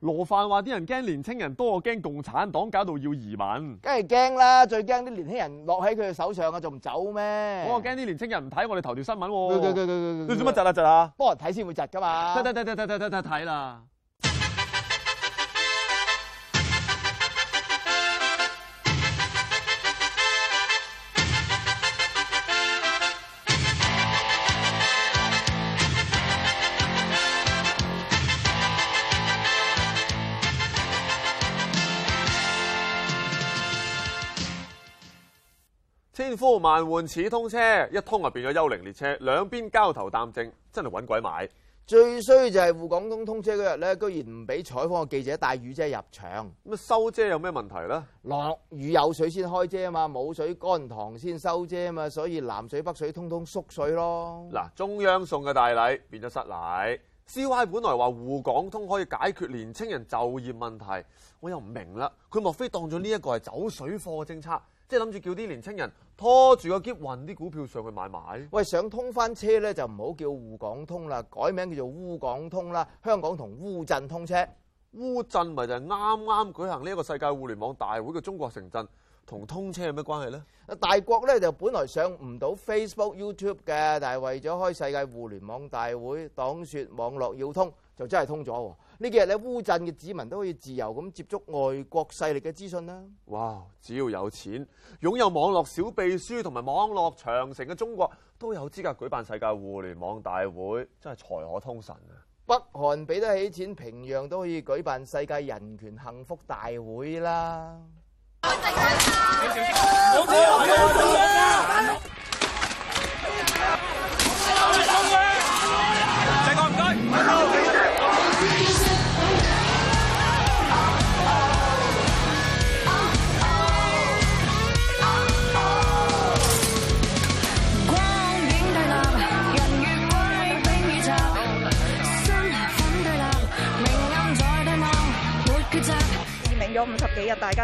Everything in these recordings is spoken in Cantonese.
羅范話啲人驚年輕人多，多過驚共產黨搞到要移民，梗係驚啦，最驚啲年輕人落喺佢嘅手上啊，仲唔走咩？我驚驚啲年輕人唔睇我哋頭條新聞喎、嗯嗯嗯嗯嗯嗯嗯嗯，你做乜窒啊窒啊？幫、啊、人睇先會窒噶嘛？睇睇睇睇睇睇睇睇啦。呼萬喚始通車，一通啊變咗幽靈列車，兩邊交投淡靜，真係揾鬼買。最衰就係滬港通通車嗰日呢，居然唔俾採訪嘅記者帶雨遮入場。咁啊收遮有咩問題呢？落雨有水先開遮啊嘛，冇水乾塘先收遮啊嘛，所以南水北水通通縮水咯。嗱，中央送嘅大禮變咗失禮。C Y 本來話滬港通可以解決年青人就業問題，我又唔明啦。佢莫非當咗呢一個係走水貨嘅政策？即係諗住叫啲年青人拖住個篋運啲股票上去買買。喂，想通翻車咧就唔好叫滬港通啦，改名叫做烏港通啦。香港同烏鎮通車，烏鎮咪就係啱啱舉行呢個世界互聯網大會嘅中國城鎮，同通車有咩關係呢？大國咧就本來上唔到 Facebook、YouTube 嘅，但係為咗開世界互聯網大會，黨説網絡要通，就真係通咗喎。呢幾日咧，烏鎮嘅子民都可以自由咁接觸外國勢力嘅資訊啦。哇！Wow！只要有錢，擁有網絡小秘書同埋網絡長城嘅中國都有資格舉辦世界互聯網大會，真係財可通神啊！北韓俾得起錢，平壤都可以舉辦世界人權幸福大會啦。好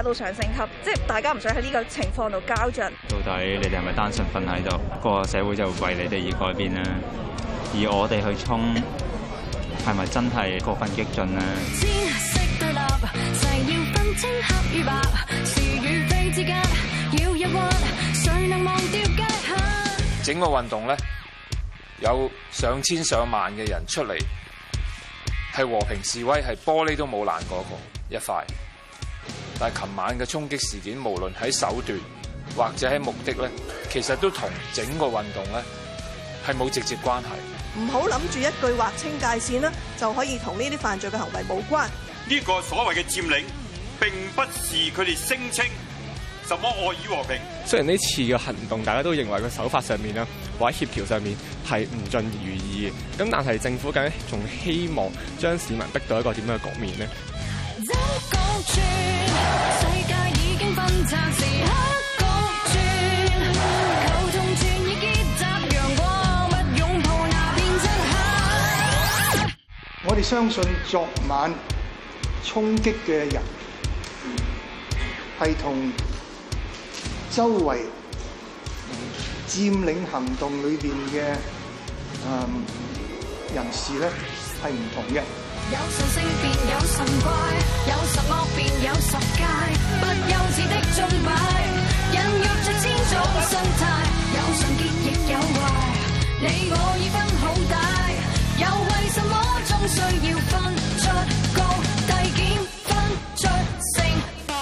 到上升級，即係大家唔想喺呢個情況度交戰。到底你哋係咪單純瞓喺度，個社會就為你哋而改變啊？而我哋去衝，係咪真係過分激進咧？整個運動咧，有上千上萬嘅人出嚟，係和平示威，係玻璃都冇爛過一塊。但係，琴晚嘅衝擊事件，無論喺手段或者喺目的咧，其實都同整個運動咧係冇直接關係。唔好諗住一句劃清界線啦，就可以同呢啲犯罪嘅行為無關。呢個所謂嘅佔領並不是佢哋聲稱什麼愛與和平。雖然呢次嘅行動大家都認為個手法上面啦，或者協調上面係唔盡如意嘅。咁但係政府梗仲希望將市民逼到一個點樣嘅局面咧？我哋相信昨晚衝擊嘅人，係同周圍佔領行動裏邊嘅人士咧係唔同嘅。有神聖便有神怪，有十惡便有十戒，不休止的尊卑。人若在千種生態，有純潔亦有壞，你我已分好大，又為什麼總需要分出高低、點分出勝敗？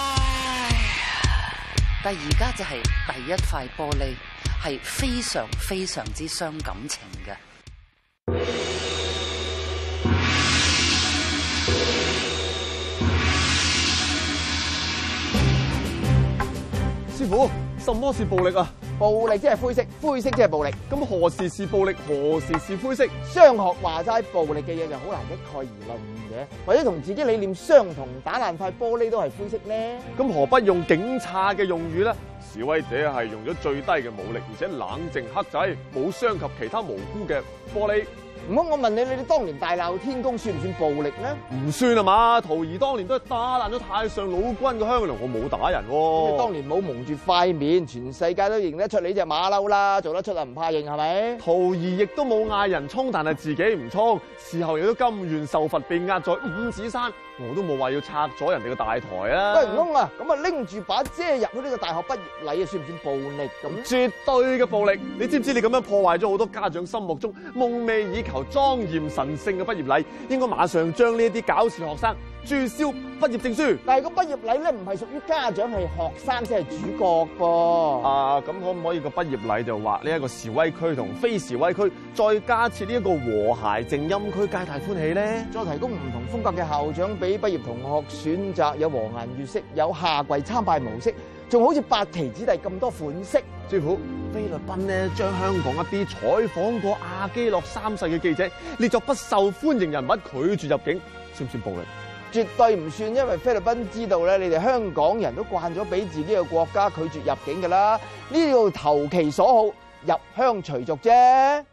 但而家就係第一塊玻璃，係非常非常之傷感情嘅。哦，什麼是暴力啊？暴力即係灰色，灰色即係暴力。咁何事是暴力，何時是，是灰色？雙學話齋，暴力嘅嘢就好難一概而論嘅。或者同自己理念相同，打爛塊玻璃都係灰色呢？咁何不用警察嘅用語咧？示威者係用咗最低嘅武力，而且冷靜黑仔，冇傷及其他無辜嘅玻璃。唔好，我問你，你哋當年大鬧天宮算唔算暴力咧？唔算啊嘛，徒兒，當年都係打爛咗太上老君嘅香爐，我冇打人啊。你當年冇蒙住塊面，全世界都認得出你隻馬騮啦，做得出啊唔怕認，係咪？徒兒亦都冇嗌人衝，但係自己唔衝，事後亦都甘願受罰，被壓在五指山。我都冇話要拆咗人哋個大台，悟空啊！喂，唔通啊，咁啊拎住把遮入去呢個大學畢業禮啊，算唔算暴力咁？絕對嘅暴力！你知唔知你咁樣破壞咗好多家長心目中夢寐以求莊嚴神聖嘅畢業禮？應該馬上將呢一啲搞事學生。註銷畢業證書，但係個畢業禮咧，唔係屬於家長，係學生先係主角噃。啊，咁可唔可以個畢業禮就話呢一個示威區同非示威區，再加設呢一個和諧靜音區，皆大歡喜咧。再提供唔同風格嘅校長俾畢業同學選擇，有和顏悅色，有下跪參拜模式，仲好似八旗子弟咁多款式。師傅，菲律賓呢，將香港一啲採訪過阿基諾三世嘅記者列作不受歡迎人物，拒絕入境，算唔算暴力？絕對唔算，因為菲律賓知道咧，你哋香港人都慣咗俾自己嘅國家拒絕入境㗎啦。呢度投其所好，入鄉隨俗啫。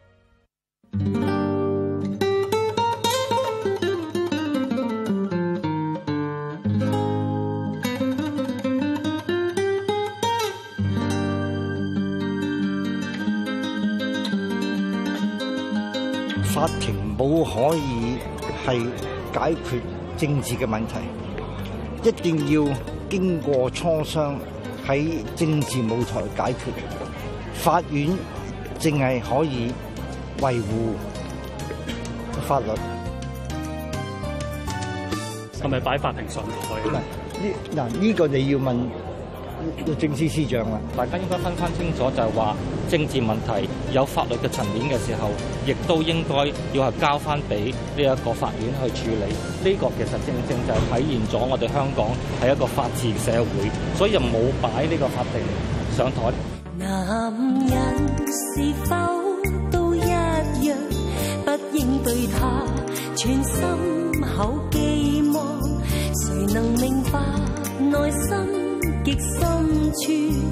法庭冇可以係解決。政治嘅問題一定要經過磋商，喺政治舞台解決，法院淨係可以維護法律，係咪擺法庭上台？唔係呢嗱，呢、這個你要問政務司司長啦。大家應該分翻清楚就是說，就係話。政治問題有法律嘅層面嘅時候，亦都應該要係交翻俾呢一個法院去處理。呢個其實正正就係體現咗我哋香港係一個法治社會，所以就冇擺呢個法定上台。男人是否都一樣？不應對他全心口寄望，誰能明白內心極深處？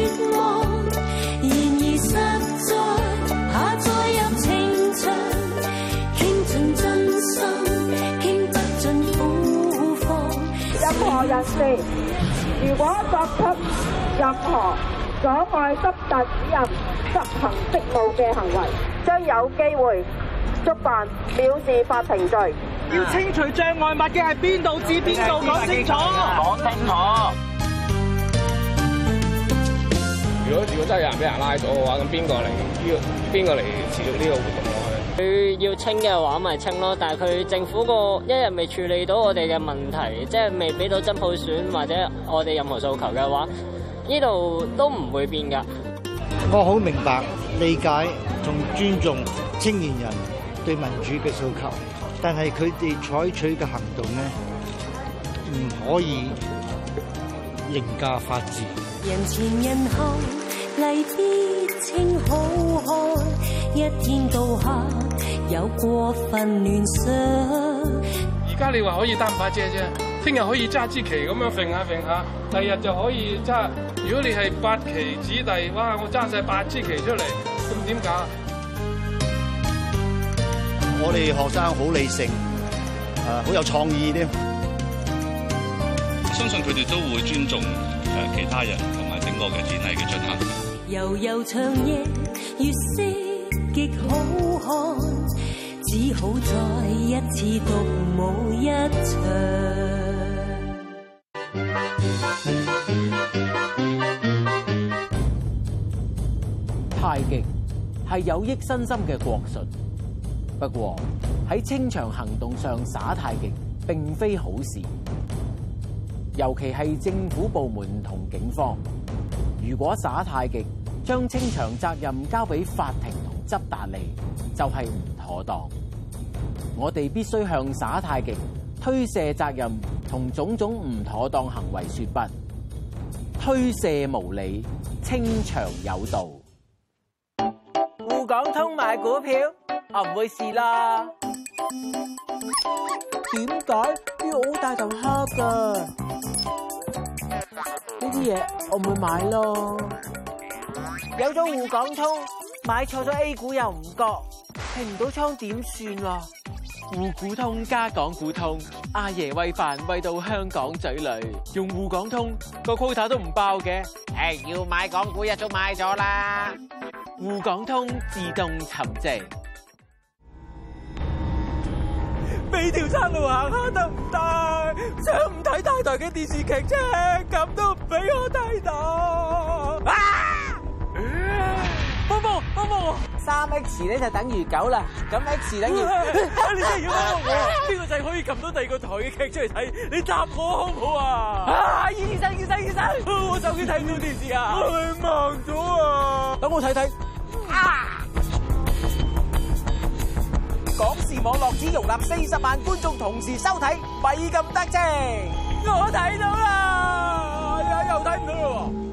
四，如果作出任何阻礙執達主任執行職務嘅行為，將有機會觸犯藐視法庭罪。要清除障礙物嘅係邊度至邊度，講清楚，講清，清楚。如果如果真係有人俾人拉咗嘅話，咁邊個嚟？呢邊個嚟持續呢個活動？佢要清嘅話咪、就是、清咯。但係佢政府個一日未處理到我哋嘅問題，即係未俾到真普選或者我哋任何訴求嘅話，呢度都唔會變噶。我好明白、理解同尊重青年人對民主嘅訴求，但係佢哋採取嘅行動咧，唔可以凌駕法治。人前人後，嚟啲稱好。一天到黑，有過分聯想。而家你話可以擔把遮啫，聽日可以揸支旗咁樣揈下揈下，第日就可以揸。如果你係八旗子弟，哇，我揸晒八支旗出嚟，咁點解？我哋學生好理性，誒，好有創意添。相信佢哋都會尊重誒其他人同埋整個嘅典禮嘅進行。悠悠長夜，月色。好，只好再一次獨舞一場太極係有益身心嘅國術，不過喺清場行動上耍太極，並非好事。尤其係政府部門同警方，如果耍太極，將清場責任交俾法庭。執達利就係、是、唔妥當，我哋必須向耍太極、推卸責任同種種唔妥當行為說不，推卸無理，清場有道。滬港通買股票我唔會試啦。點解呢？好大頭蝦㗎？呢啲嘢我唔會買咯。有咗滬港通。買錯咗 A 股又唔覺，停唔到倉點算啊？滬股通加港股通，阿爺餵飯餵到香港嘴裏，用滬港通個 quota 都唔爆嘅。係、哎、要買港股，一早買咗啦。滬港通自動沉寂，俾條山路行下得唔得？想唔睇大台嘅電視劇啫，咁都唔俾我睇到。啊幫我，三 x 咧就等於九啦，咁 x 等於。你真係要幫我？呢個掣可以撳到第二個台嘅劇出嚟睇？你答我好唔好啊？啊！醫生，醫生，醫生，我手機睇唔到電視啊！我盲咗啊！等我睇睇。啊！港視網絡只容納四十萬觀眾同時收睇，咪咁得啫。我睇到啦，哎呀，又睇唔到咯。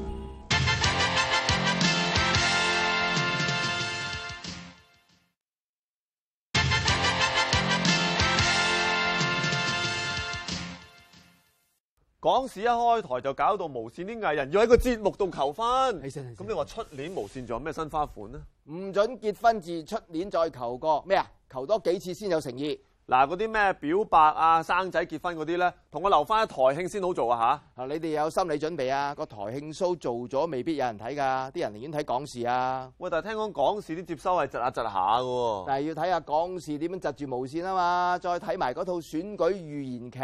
港視一開台就搞到無線啲藝人要喺個節目度求婚，咁你話出年無線仲有咩新花款呢？唔准結婚，至出年再求過，咩呀？求多幾次先有誠意。嗱，嗰啲咩表白啊、生仔結婚嗰啲呢，同我留翻台慶先好做啊嚇！啊，你哋有心理準備啊？個台慶 show 做咗未必有人睇㗎，啲人寧願睇港視啊！喂，但係聽講港視啲接收係窒下窒下㗎喎！但係要睇下港視點樣窒住無線啊嘛，再睇埋嗰套選舉預言劇，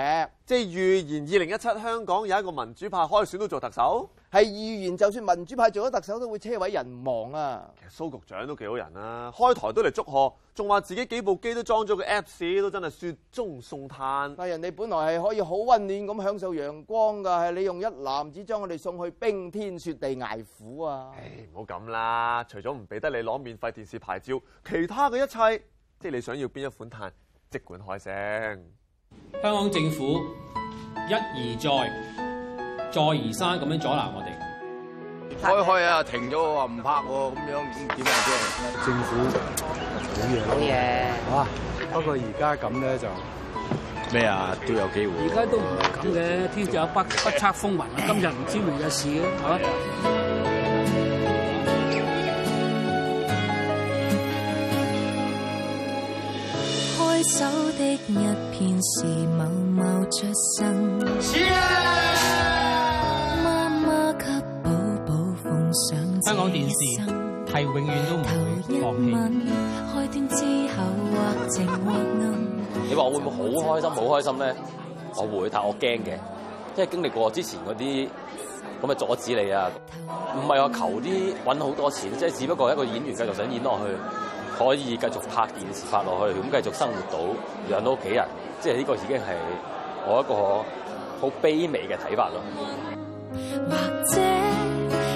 即係預言二零一七香港有一個民主派開選都做特首。係議員？就算民主派做咗特首，都會車毀人亡啊！其實蘇局長都幾好人啊，開台都嚟祝賀，仲話自己幾部機都裝咗個 Apps，都真係雪中送炭。但人哋本來係可以好溫暖咁享受陽光㗎，係你用一籃子將我哋送去冰天雪地捱苦啊！唉，唔好咁啦，除咗唔俾得你攞免費電視牌照，其他嘅一切，即係你想要邊一款碳，即管開聲。香港政府一而再。再而三咁樣阻攔我哋，開開下、啊、停咗喎，唔拍喎，咁樣點嚟啫？政府冇嘢，冇嘢。哇、Yeah. 啊！不過而家咁咧就咩啊都有機會。而家都唔係咁嘅，天上有不不，不，不測風雲，今日唔知明日事、Yeah. 啊！開手的一片是某某出生。港電視係永遠都唔會放棄。你話我會唔會好開心好開心咧？我會，但我驚嘅，即係經歷過之前嗰啲，咁嘅阻止你啊？唔係話求啲搵好多錢，即係只不過一個演員繼續想演落去，可以繼續拍電視拍落去，咁繼續生活到養到屋企人，即係呢個已經係我一個好卑微嘅睇法咯。或者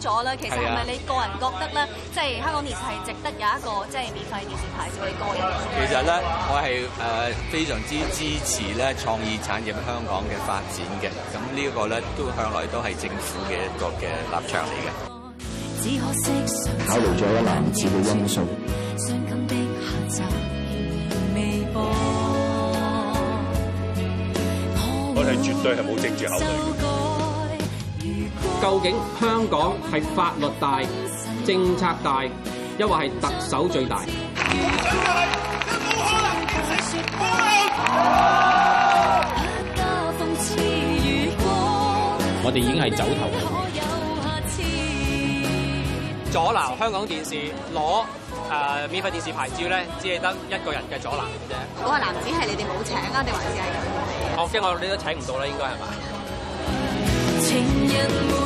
咗啦，其實係咪你個人覺得咧，即係香港電視係值得有一個即係免費電視牌照嘅歌人。其實咧，我係誒非常之支持咧創意產業香港嘅發展嘅，咁呢一個咧都向來都係政府嘅一個嘅立場嚟嘅。只可惜考慮咗一籃子嘅因素，我哋絕對係冇政治考慮。究竟香港係法律大、政策大，抑或係特首最大？我哋已經係走投無路，阻撓香港電視攞免費電視牌照咧，只係得一個人嘅阻撓嘅啫。嗰個男子係你哋冇請啊？定還是係？哦，即係我驚我哋都請唔到啦，應該係嘛？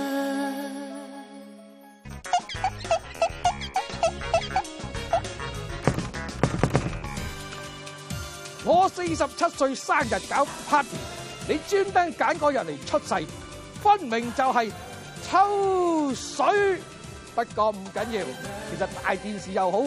四十七歲生日搞 party，你專登揀個日嚟出世，分明就係抽水。不過唔緊要，其實大電視又好，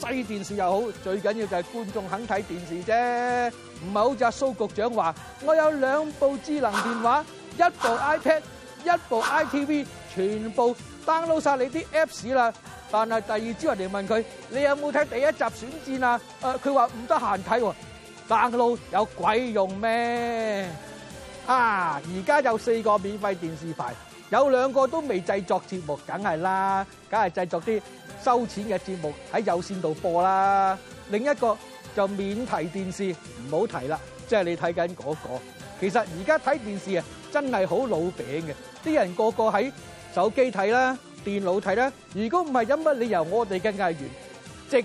細電視又好，最緊要就係觀眾肯睇電視啫。唔係好似阿蘇局長話，我有兩部智能電話，一部 iPad，一部 ITV，全部 download 晒你啲 apps 啦。但係第二朝人哋問佢，你有冇睇第一集選戰啊？誒，佢話唔得閒睇。硬路有鬼用咩？啊！而家有四個免費電視牌，有兩個都未製作節目，梗係啦，梗係製作啲收錢嘅節目喺有綫度播啦。另一個就免提電視，唔好提啦。即係你睇緊嗰個。其實而家睇電視啊，真係好老餅嘅，啲人個個喺手機睇啦，電腦睇啦。如果唔係有乜理由，我哋嘅藝員直？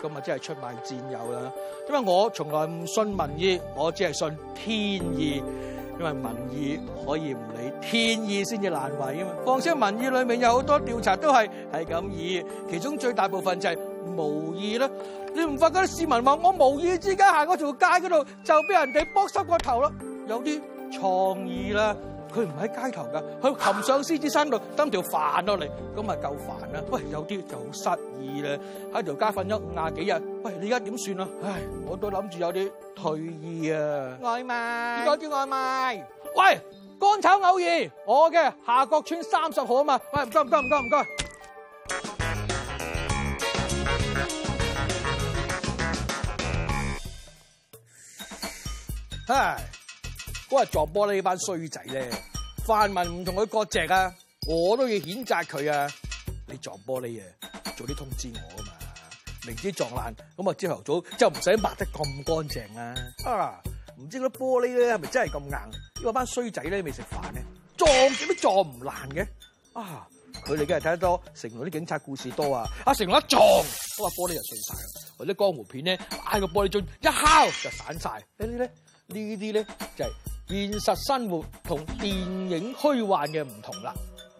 咁啊，真係出賣戰友啦！因為我從來唔信民意，我只係信天意，因為民意可以唔理，天意先至難為啊嘛。況且民意裏面有好多調查都係係咁意，其中最大部分就係無意啦。你唔發覺啲市民話：我無意之間行嗰條街嗰度，就俾人哋剝濕個頭啦，有啲創意啦！佢唔喺街頭噶，佢擒上獅子山度掟條幡落嚟，咁咪夠煩啦！喂，有啲就好失意咧，喺條街瞓咗五廿幾日，喂，你而家點算啊？唉，我都諗住有啲退意啊！外賣，點解叫外賣？喂，乾炒牛耳，我嘅下角村三十號啊嘛，喂，唔該唔該唔該唔該。唉。嗰日撞玻璃呢班衰仔咧，泛民唔同佢割席啊，我都要譴責佢啊！你撞玻璃啊，早啲通知我啊嘛！明知撞爛，咁啊朝頭早就唔使抹得咁乾淨啊。啊，唔知嗰啲玻璃咧係咪真係咁硬？呢個班衰仔咧未食飯咧，撞點都撞唔爛嘅啊！佢哋梗係睇得多成龍啲警察故事多啊！阿成龍一撞，嗰、啊、個玻璃就碎晒。或者江湖片咧，嗌個玻璃樽一敲就散晒。呢啲咧，呢啲咧就係、是。現實生活同電影虛幻嘅唔同啦，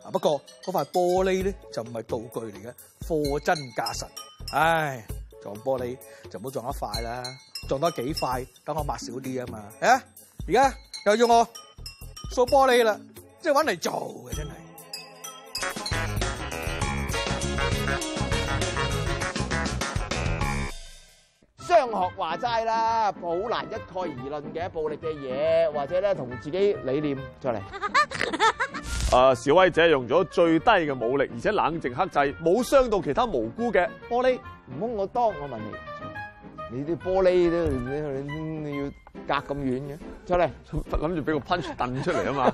啊不過嗰塊玻璃咧就唔係道具嚟嘅，貨真價實。唉，撞玻璃就唔好撞得快撞一塊啦，撞多幾塊，咁我抹少啲啊嘛。啊，而家又要我掃玻璃啦，即係揾嚟做嘅真係。學話齋啦，好難一概而論嘅暴力嘅嘢，或者咧同自己理念再嚟。啊！示威者用咗最低嘅武力，而且冷靜克制，冇傷到其他無辜嘅玻璃。唔好我當我問你，你啲玻璃都要隔咁遠嘅出嚟，諗住俾個 punch 掟出嚟啊嘛！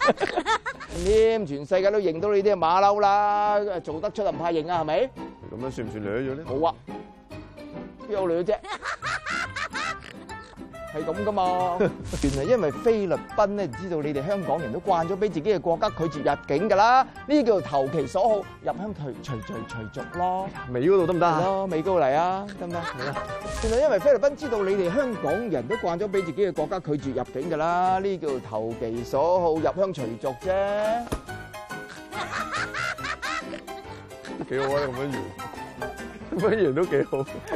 唸，全世界都認到你啲馬騮啦，做得出又唔怕認啊，係咪？咁樣算唔算掠咗咧？好啊！邊有兩啫？係咁噶嘛？原來因為菲律賓咧，知道你哋香港人都慣咗俾自己嘅國家拒絕入境噶啦，呢叫做投其所好，入鄉隨隨隨隨俗咯。尾嗰度得唔得啊？係咯，尾嗰度嚟啊，得唔得？原來因為菲律賓知道你哋香港人都慣咗俾自己嘅國家拒絕入境噶啦，呢叫做投其所好，入鄉隨俗啫。幾好啊！咁樣完，咁樣完都幾好。